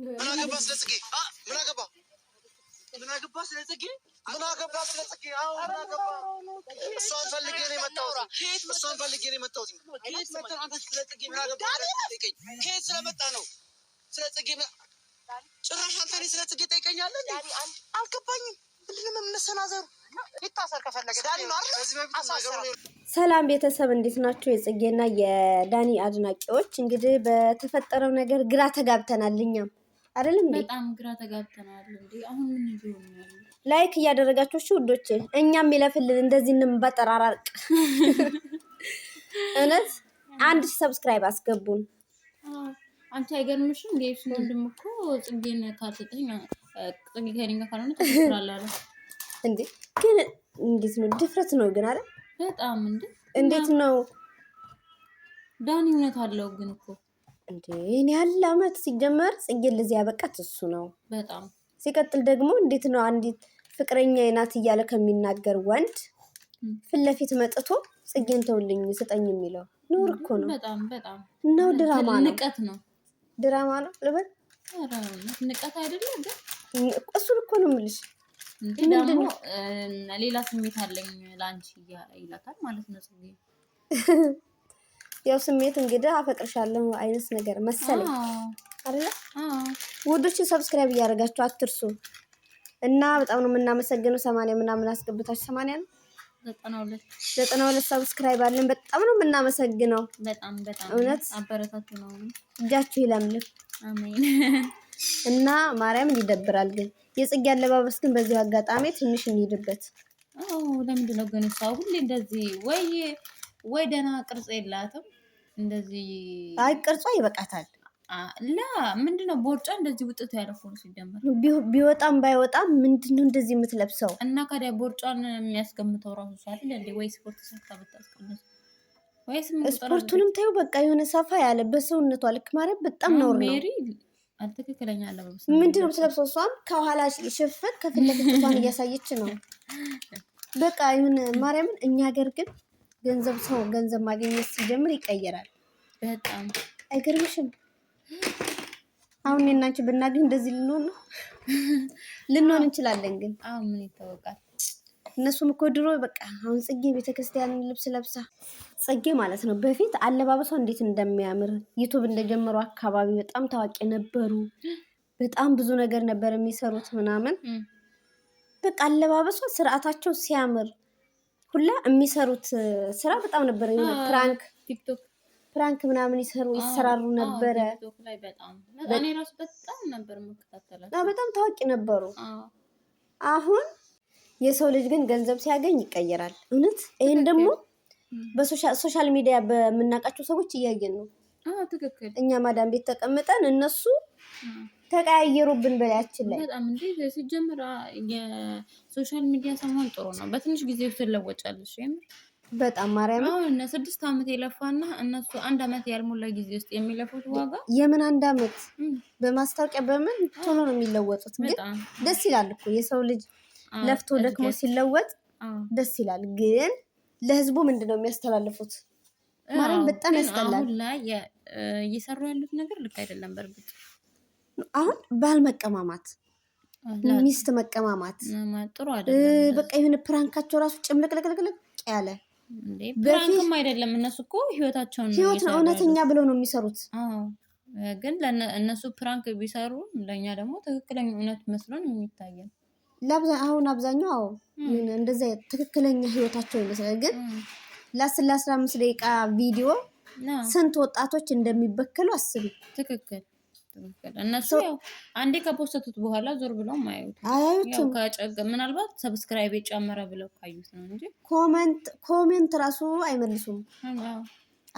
ምን አገባ ስለ ጽጌ? ምን አገባ ምን አገባ ስለ ጽጌ? ምን አገባ ስለ ጽጌ? አዎ ምን አገባ? እሷን ፈልጌ ነው የመጣሁት። እሷን ፈልጌ ነው የመጣሁት። ስለ ጽጌ ምን አገባ? ከየት ስለመጣ ነው ስለ ጽጌ ጭራሽ አንተ እኔ ስለ ጽጌ ጠይቀኛለህ? አልገባኝም። ሰላም ቤተሰብ እንዴት ናቸው? የጽጌና የዳኒ አድናቂዎች እንግዲህ በተፈጠረው ነገር ግራ ተጋብተናል እኛም አይደለም እንዴ? በጣም ግራ ተጋብተናል እንዴ? አሁን ምን ይሆናል? ላይክ እያደረጋችሁ እሺ ውዶቼ፣ እኛም ይለፍልን እንደዚህ እንበጠራራቅ። እውነት አንድ ሰብስክራይብ አስገቡን። አንቺ አይገርምሽም እንዴ? እሱ ወንድም እኮ ጽጌን ካልሰጠኝ ጽጌ ከኔ ጋር ካልሆነ ትስራላለ እንዴ? ግን እንዴት ነው ድፍረት ነው ግን አይደል? በጣም እንዴ! እንዴት ነው ዳኒ አለው ግን እኮ እንዴ ያለ አመት ሲጀመር ጽጌ ለዚህ ያበቃት እሱ ነው። በጣም ሲቀጥል ደግሞ እንዴት ነው አንዲት ፍቅረኛ ናት እያለ ከሚናገር ወንድ ፊት ለፊት መጥቶ ጽጌን ተውልኝ ስጠኝ የሚለው ኑር እኮ ነው። በጣም በጣም ነው ድራማ ነው፣ ንቀት ነው፣ ድራማ ነው ልበል። ንቀት አይደለም ግን እሱን እኮ ነው የምልሽ። ደግሞ ሌላ ስሜት አለኝ ለአንቺ ይላታል ማለት ነው ጽጌ ያው ስሜት እንግዲህ አፈቅርሻለሁ አይነት ነገር መሰለኝ አለ። ውዶችን ሰብስክራይብ እያደረጋችሁ አትርሱ እና በጣም ነው የምናመሰግነው። ሰማንያ ምናምን አስገብታችሁ ሰማንያ ነው ዘጠና ሁለት ሰብስክራይብ አለን። በጣም ነው የምናመሰግነው። እውነት አበረታቱ ነው እጃችሁ ይለምልም። እና ማርያም ይደብራል። ግን የጽጌ አለባበስ ግን በዚሁ አጋጣሚ ትንሽ እንሂድበት። ለምንድነው ግን እሷ ሁሌ እንደዚህ ወይ ወይ ደህና ቅርጽ የላትም እንደዚህ አይ ቅርጿ ይበቃታል። ላ ምንድነው ቦርጫ እንደዚህ ውጥቱ ነው። ሲጀመር ቢወጣም ባይወጣም ምንድነው እንደዚህ የምትለብሰው? እና ከዲያ ቦርጫን የሚያስገምተው ራሱ ሳል እንዴ ወይ ስፖርት ሰርታ ብታስቀምጥ ስፖርቱንም ታዩ በቃ የሆነ ሰፋ ያለ በሰውነቱ አልክ ማለት በጣም ነው ሜሪ አልትክክለኛ አለ ምንድነው የምትለብሰው? እሷን ከኋላ ሽፍን ከፊት ለፊት እሷን እያሳየች ነው። በቃ ይሁን ማርያምን እኛ ሀገር ግን ገንዘብ ሰው ገንዘብ ማግኘት ሲጀምር ይቀየራል። በጣም አይገርምሽም? አሁን እናንቺ ብናገኝ እንደዚህ ልንሆን ነው ልንሆን እንችላለን። ግን አሁን ምን ይታወቃል? እነሱም እኮ ድሮ በቃ አሁን ጽጌ ቤተክርስቲያን ልብስ ለብሳ ጽጌ ማለት ነው። በፊት አለባበሷ እንዴት እንደሚያምር ዩቱብ እንደጀመሩ አካባቢ በጣም ታዋቂ ነበሩ። በጣም ብዙ ነገር ነበር የሚሰሩት ምናምን በቃ አለባበሷ ስርዓታቸው ሲያምር ሁላ የሚሰሩት ስራ በጣም ነበረ። ፕራንክ ቲክቶክ ፕራንክ ምናምን ይሰሩ ይሰራሩ ነበረ። በጣም ታዋቂ ነበሩ። አሁን የሰው ልጅ ግን ገንዘብ ሲያገኝ ይቀየራል። እውነት ይህን ደግሞ በሶሻል ሚዲያ በምናውቃቸው ሰዎች እያየን ነው። እኛ ማዳም ቤት ተቀምጠን እነሱ ተቀያየሩብን በላያችን ላይ በጣም እንዴ። ሲጀምር የሶሻል ሚዲያ ሰሞን ጥሩ ነው። በትንሽ ጊዜ ውስጥ ትለወጫለሽ። የምር በጣም ማርያም፣ አሁን ስድስት ዓመት የለፋና እነሱ አንድ ዓመት ያልሞላ ጊዜ ውስጥ የሚለፉት ዋጋ የምን አንድ ዓመት በማስታወቂያ በምን ቶሎ ነው የሚለወጡት። ግን ደስ ይላል እኮ የሰው ልጅ ለፍቶ ደክሞ ሲለወጥ ደስ ይላል። ግን ለህዝቡ ምንድን ነው የሚያስተላልፉት? ማርያም በጣም ያስጠላል። አሁን ላይ እየሰሩ ያሉት ነገር ልክ አይደለም በእርግጥ አሁን ባል መቀማማት ሚስት መቀማማት ጥሩ አይደለም። በቃ የሆነ ፕራንካቸው ራሱ ጭምልቅልቅልቅልቅ ያለ ፕራንክም አይደለም። እነሱ እኮ ህይወታቸውን ህይወት ነው እውነተኛ ብለው ነው የሚሰሩት። ግን እነሱ ፕራንክ ቢሰሩ ለእኛ ደግሞ ትክክለኛ እውነት መስሎን የሚታየን አሁን አብዛኛው አዎ እንደዚ ትክክለኛ ህይወታቸው ይመስላል። ግን ለአስር ለአስራ አምስት ደቂቃ ቪዲዮ ስንት ወጣቶች እንደሚበከሉ አስቢ። ትክክል እነሱ አንዴ ከፖስተቱት በኋላ ዞር ብለው ማያዩት ከጨገ ምናልባት ሰብስክራይብ የጨመረ ብለው ካዩት ነው እንጂ ኮመንት ኮሜንት ራሱ አይመልሱም፣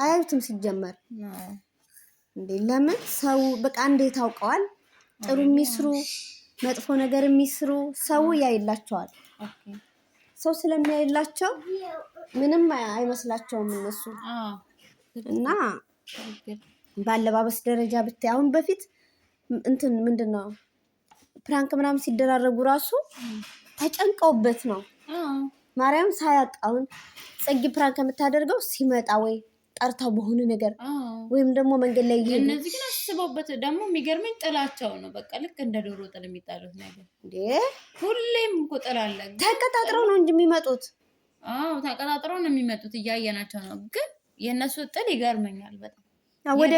አያዩትም። ሲጀመር እንዴ ለምን ሰው በቃ እንዴ ታውቀዋል። ጥሩ የሚስሩ መጥፎ ነገር የሚስሩ ሰው ያይላቸዋል። ሰው ስለሚያይላቸው ምንም አይመስላቸውም እነሱ እና ባለባበስ ደረጃ ብታይ አሁን በፊት እንትን ምንድን ነው ፕራንክ ምናምን ሲደራረጉ ራሱ ተጨንቀውበት ነው። ማርያም ሳያጣውን ፅጌ ፕራንክ የምታደርገው ሲመጣ ወይ ጠርታው በሆነ ነገር ወይም ደግሞ መንገድ ላይ ይሄ እነዚህ ግን አስበውበት ደግሞ የሚገርመኝ ጥላቸው ነው። በቃ ልክ እንደ ዶሮ ጥል የሚጣሉት ነገር እንዴ! ሁሌም እኮ ጥል አለ። ተቀጣጥረው ነው እንጂ የሚመጡት። አዎ ተቀጣጥረው ነው የሚመጡት። እያየናቸው ነው። ግን የእነሱ ጥል ይገርመኛል በጣም ወደ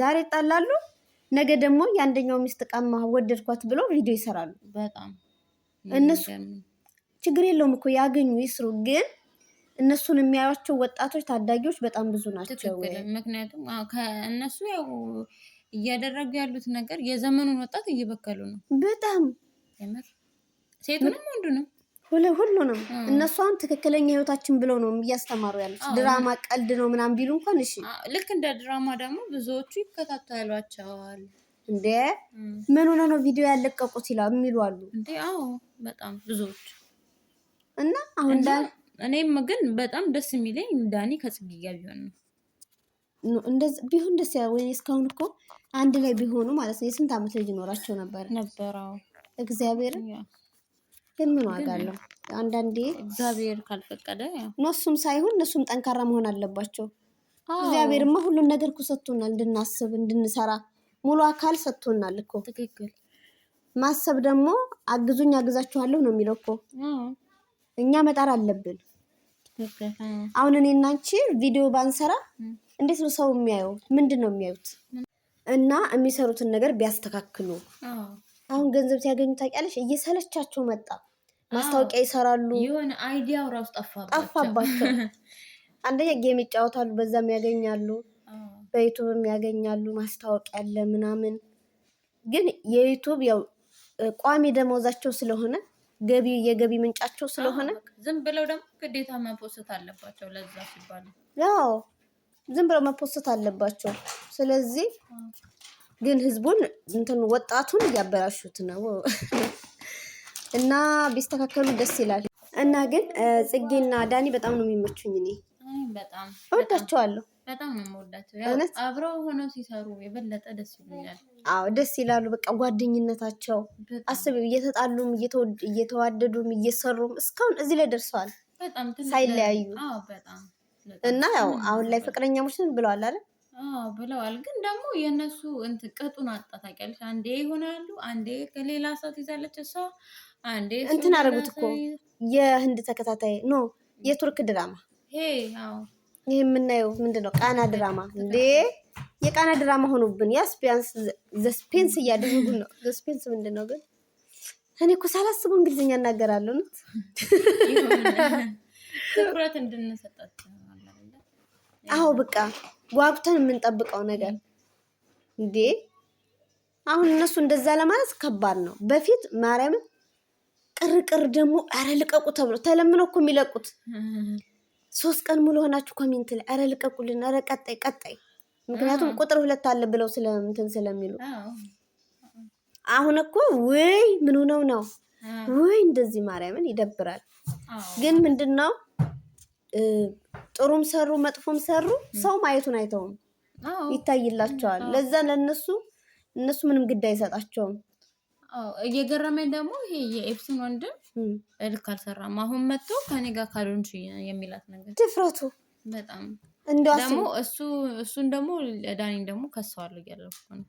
ዛሬ ይጣላሉ፣ ነገ ደግሞ የአንደኛው ሚስት ቃማ ወደድኳት ብሎ ቪዲዮ ይሰራሉ። በጣም እነሱ ችግር የለውም እኮ ያገኙ ይስሩ። ግን እነሱን የሚያዩቸው ወጣቶች ታዳጊዎች በጣም ብዙ ናቸው። ምክንያቱም ከእነሱ ያው እያደረጉ ያሉት ነገር የዘመኑን ወጣት እየበከሉ ነው። በጣም ሴቱንም ወንዱንም ሁሉንም እነሱ አሁን ትክክለኛ ህይወታችን ብለው ነው እያስተማሩ ያሉት። ድራማ ቀልድ ነው ምናምን ቢሉ እንኳን እሺ፣ ልክ እንደ ድራማ ደግሞ ብዙዎቹ ይከታተሏቸዋል። እንዴ ምን ሆነ ነው ቪዲዮ ያለቀቁት ይላሉ የሚሉ አሉ። እንዴ አዎ፣ በጣም ብዙዎች እና አሁን እኔም ግን በጣም ደስ የሚለኝ ዳኒ ከጽጌ ጋር ቢሆን ነው ቢሆን ደስ ያ ወይ እስካሁን እኮ አንድ ላይ ቢሆኑ ማለት ነው። የስንት ዓመት ልጅ ኖራቸው ነበር ነበረው እግዚአብሔር ግን ምን ዋጋ አለው? አንዳንዴ እግዚአብሔር ካልፈቀደ ነሱም ሳይሆን እነሱም ጠንካራ መሆን አለባቸው። እግዚአብሔርማ ሁሉን ነገር እኮ ሰጥቶናል፣ እንድናስብ እንድንሰራ ሙሉ አካል ሰጥቶናል እኮ። ትክክል ማሰብ ደግሞ አግዙኝ አግዛችኋለሁ ነው የሚለው እኮ። እኛ መጣር አለብን። አሁን እኔ እና አንቺ ቪዲዮ ባንሰራ እንዴት ነው ሰው የሚያየው? ምንድን ነው የሚያዩት? እና የሚሰሩትን ነገር ቢያስተካክሉ አሁን ገንዘብ ሲያገኙ ታውቂያለሽ፣ እየሰለቻቸው መጣ። ማስታወቂያ ይሰራሉ። የሆነ አይዲያው ራሱ ጠፋባቸው። አንደኛ ጌም ይጫወታሉ፣ በዛም ያገኛሉ፣ በዩቱብም ያገኛሉ። ማስታወቂያ አለ ምናምን። ግን የዩቱብ ያው ቋሚ ደመወዛቸው ስለሆነ ገቢ የገቢ ምንጫቸው ስለሆነ ዝም ብለው ደግሞ ግዴታ መፖስት አለባቸው። ለዛ ሲባሉ ያው ዝም ብለው መፖስት አለባቸው። ስለዚህ ግን ህዝቡን እንትን ወጣቱን እያበላሹት ነው እና ቢስተካከሉ ደስ ይላል። እና ግን ጽጌና ዳኒ በጣም ነው የሚመቹኝ። እኔ በጣም እወዳቸዋለሁ። በጣም ነው የምወዳቸው። አብረው ሆነው ሲሰሩ የበለጠ ደስ ይለኛል። አዎ ደስ ይላሉ። በቃ ጓደኝነታቸው አስብ፣ እየተጣሉም እየተዋደዱም እየሰሩም እስካሁን እዚህ ላይ ደርሰዋል ሳይለያዩ። እና ያው አሁን ላይ ፍቅረኛ ነን ብለዋል አይደል? ብለዋል። ግን ደግሞ የእነሱ እንትን ቅጡን አጣ ታውቂያለሽ። አንዴ ይሆናሉ፣ አንዴ ከሌላ ሰው ትይዛለች እሷ፣ አንዴ እንትን አደረጉት እኮ የህንድ ተከታታይ ኖ የቱርክ ድራማ ይሄ የምናየው ምንድን ነው? ቃና ድራማ እንዴ! የቃና ድራማ ሆኑብን። ያስ ዘስፔንስ እያደረጉ ነው። ዘስፔንስ ምንድን ነው ግን? እኔ እኮ ሳላስቡ እንግሊዝኛ እናገራለሁ። ነት ትኩረት እንድንሰጣቸው አዎ በቃ ጓጉተን የምንጠብቀው ነገር እንዴ አሁን እነሱ እንደዛ ለማለት ከባድ ነው። በፊት ማርያምን ቅርቅር ደግሞ አረ ልቀቁ ተብሎ ተለምነው እኮ የሚለቁት ሶስት ቀን ሙሉ ሆናችሁ ኮሚንት ላይ አረ ልቀቁልን፣ አረ ቀጣይ ቀጣይ። ምክንያቱም ቁጥር ሁለት አለ ብለው ስለምትን ስለሚሉ አሁን እኮ ወይ ምን ሆነው ነው ወይ እንደዚህ ማርያምን ይደብራል። ግን ምንድን ነው ጥሩም ሰሩ መጥፎም ሰሩ ሰው ማየቱን አይተውም፣ ይታይላቸዋል። ለዛ ለነሱ እነሱ ምንም ግድ አይሰጣቸውም። እየገረመኝ ደግሞ ይሄ የኤፕስን ወንድም እልክ አልሰራም። አሁን መጥቶ ከኔ ጋር ካልሆንሽ የሚላት ነገር ድፍረቱ በጣም እንደሞ እሱ እሱን ደግሞ ዳኒን ደግሞ ከሰዋለሁ እያለ ነው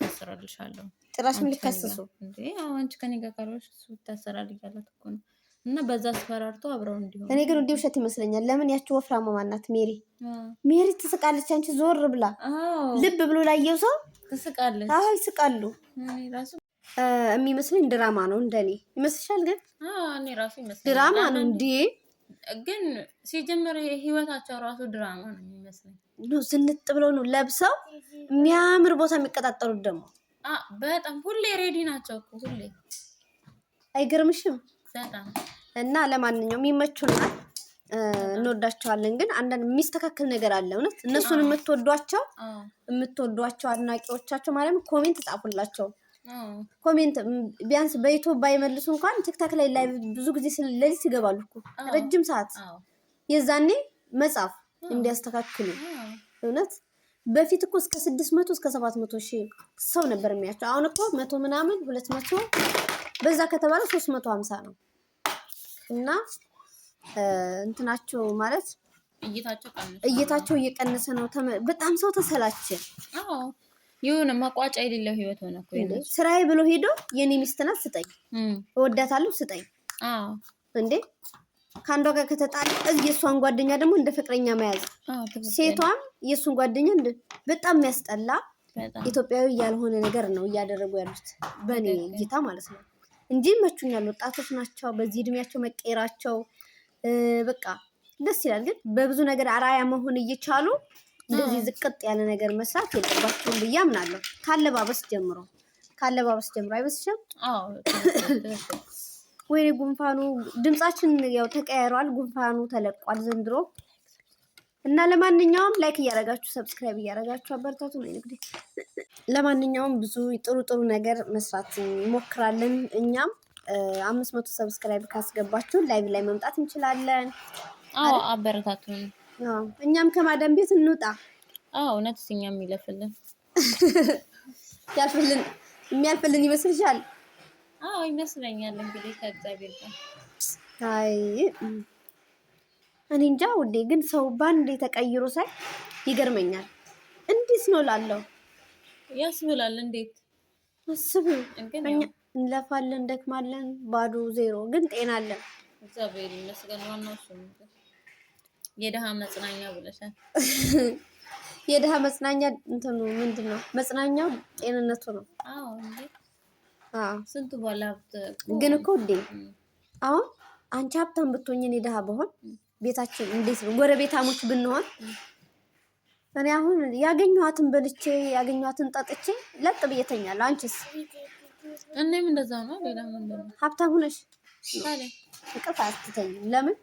ታሰራልሻለሁ። ጭራሽም ሊከሰሱ አንቺ ከኔ ጋር ካልሆንሽ እሱ ታሰራል እያላት እኮ ነው እና በዛ አስፈራርቶ አብረው እንዲሆን። እኔ ግን ውሸት ይመስለኛል። ለምን ያቺ ወፍራማ ማናት ሜሪ ሜሪ ትስቃለች። አንቺ ዞር ብላ ልብ ብሎ ላየው ሰው ትስቃለች። አዎ ይስቃሉ። የሚመስለኝ ድራማ ነው እንደኔ ይመስልሻል? ግን እኔ ራሱ ይመስለኛል ድራማ ነው እንዴ ግን ሲጀመር ህይወታቸው ራሱ ድራማ ነው የሚመስለኝ። ዝንጥ ብለው ነው ለብሰው የሚያምር ቦታ የሚቀጣጠሩት ደግሞ በጣም ሁሌ ሬዲ ናቸው። ሁሌ አይገርምሽም? እና ለማንኛውም ይመቹናል፣ እንወዳቸዋለን። ግን አንዳንድ የሚስተካከል ነገር አለ። እውነት እነሱን የምትወዷቸው የምትወዷቸው አድናቂዎቻቸው ማለት ኮሜንት ጻፉላቸው። ኮሜንት ቢያንስ በዩቱብ ባይመልሱ እንኳን ቲክታክ ላይ ላይ ብዙ ጊዜ ለሊት ይገባሉ እኮ ረጅም ሰዓት። የዛኔ መጻፍ እንዲያስተካክሉ እውነት በፊት እኮ እስከ ስድስት መቶ እስከ ሰባት መቶ ሺህ ሰው ነበር የሚያቸው። አሁን እኮ መቶ ምናምን ሁለት መቶ በዛ ከተባለ ሶስት መቶ ሀምሳ ነው። እና እንትናቸው ማለት እይታቸው እየቀነሰ ነው። በጣም ሰው ተሰላቸ። ይሁን መቋጫ የሌለው ህይወት ሆነ። ስራዬ ብሎ ሄዶ የኔ ሚስት ናት ስጠኝ፣ እወዳታለሁ ስጠኝ። እንዴ ከአንዷ ጋር ከተጣለ የእሷን ጓደኛ ደግሞ እንደ ፍቅረኛ መያዝ፣ ሴቷም የእሱን ጓደኛ በጣም የሚያስጠላ ኢትዮጵያዊ ያልሆነ ነገር ነው እያደረጉ ያሉት፣ በእኔ እይታ ማለት ነው። እንጂ መቹኛል። ወጣቶች ናቸው፣ በዚህ እድሜያቸው መቀየራቸው በቃ ደስ ይላል። ግን በብዙ ነገር አራያ መሆን እየቻሉ እንደዚህ ዝቅጥ ያለ ነገር መስራት የለባቸውም ብዬ አምናለሁ። ካለባበስ ጀምሮ ካለባበስ ጀምሮ አይመስልሽም? ወይኔ ጉንፋኑ ድምፃችን ያው ተቀያይሯል። ጉንፋኑ ተለቋል ዘንድሮ። እና ለማንኛውም ላይክ እያደረጋችሁ ሰብስክራይብ እያደረጋችሁ አበረታቱ ነው እንግዲህ። ለማንኛውም ብዙ ጥሩ ጥሩ ነገር መስራት እንሞክራለን። እኛም አምስት መቶ ሰብስክራይብ ካስገባችሁ ላይቭ ላይ መምጣት እንችላለን። አዎ አበረታቱ። እኛም ከማደም ቤት እንውጣ። አዎ እውነት እኛም ይለፍልን ያልፍልን የሚያልፍልን ይመስልሻል? አዎ ይመስለኛል። እንግዲህ ከእግዚአብሔር ጋር አይ እኔ እንጃ ውዴ፣ ግን ሰው ባንዴ ተቀይሮ ሳይ ይገርመኛል። እንዴስ ነው ላለው ያስብላል። እንዴት አስብ፣ እንለፋለን፣ ደክማለን፣ ባዶ ዜሮ፣ ግን ጤና አለን። እግዚአብሔር ይመስገን። ዋናው እሱ የድሃ መጽናኛ ብለሻል። የድሃ መጽናኛ እንትኑ ምንድን ነው? መጽናኛው ጤንነቱ ነው። አዎ እንዴ! አዎ ስንቱ ባለ ሀብት ግን እኮ ውዴ፣ አሁን አንቺ ሀብታም ብትሆኝ እኔ ድሃ በሆን ቤታችን እንዴት ነው ጎረቤታሞች ብንሆን እኔ አሁን ያገኘኋትን በልቼ ያገኘኋትን ጠጥቼ ለጥ ብዬ እተኛለሁ። አንቺስ? እኔም እንደዛ ነው። ሌላ ምን ነው ሀብታም ሆነሽ እንቅልፍ አትተኝም። ለምን?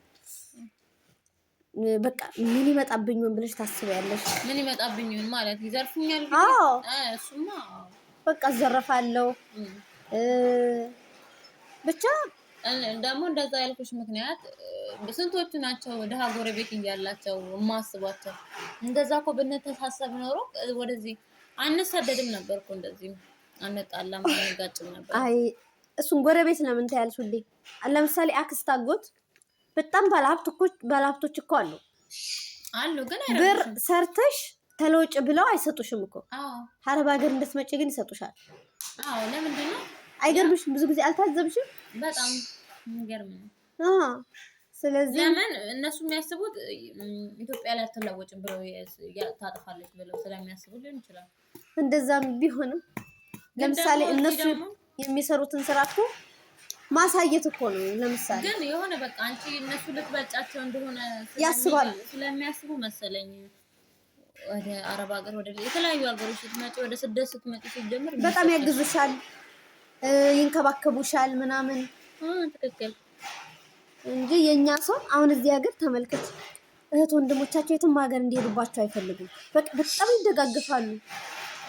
በቃ ምን ይመጣብኝ ወን ብለሽ ታስቢያለሽ። ምን ይመጣብኝ ወን ማለት ይዘርፉኛል። አዎ እሱማ በቃ እዘረፋለሁ ብቻ ደግሞ እንደዛ ያልኩሽ ምክንያት ስንቶቹ ናቸው ድሃ ጎረቤት እያላቸው የማስቧቸው። እንደዛ እኮ ብንተሳሰብ ኖሮ ወደዚህ አንሳደድም ነበር እኮ እንደዚህ አንጣላም፣ አንጋጭም ነበር። አይ እሱን ጎረቤት ነው ለምን ታያልሱልኝ? ለምሳሌ አክስት፣ አጎት በጣም ባለሀብቶች እኮ አሉ አሉ፣ ግን ብር ሰርተሽ ተለውጭ ብለው አይሰጡሽም እኮ። ሀረብ ሀገር እንደስመጭ ግን ይሰጡሻል። አዎ፣ ለምንድን ነው አይገርምሽም? ብዙ ጊዜ አልታዘብሽም በጣም የሚገርም ነው። ስለዚህ ለምን እነሱ የሚያስቡት ኢትዮጵያ ላይ አትለወጭም ብለው ታጥፋለች ብለው ስለሚያስቡ ሊሆን ይችላል። እንደዛም ቢሆንም ለምሳሌ እነሱ የሚሰሩትን ስራ እኮ ማሳየት እኮ ነው። ለምሳሌ ግን የሆነ በቃ አንቺ እነሱ እንደሆነ ያስባሉ ስለሚያስቡ መሰለኝ ወደ አረብ ሀገር ወደ የተለያዩ ሀገሮች ስትመጪ ወደ ስደት ስትመጪ ሲጀምር በጣም ያግዙሻል፣ ይንከባከቡሻል ምናምን ትክክል እንጂ የእኛ ሰው አሁን እዚህ ሀገር ተመልከች፣ እህት ወንድሞቻቸው የትም ሀገር እንዲሄዱባቸው አይፈልጉም። በጣም ይደጋግፋሉ።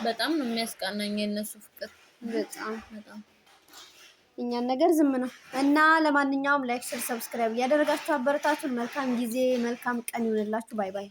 በጣም ነው የሚያስቃናኝ የእነሱ ፍቅር በጣም በጣም እኛን ነገር ዝም ነው እና ለማንኛውም ላይክ፣ ሼር፣ ሰብስክራይብ እያደረጋችሁ አበረታቱን። መልካም ጊዜ መልካም ቀን ይሆንላችሁ። ባይ ባይ።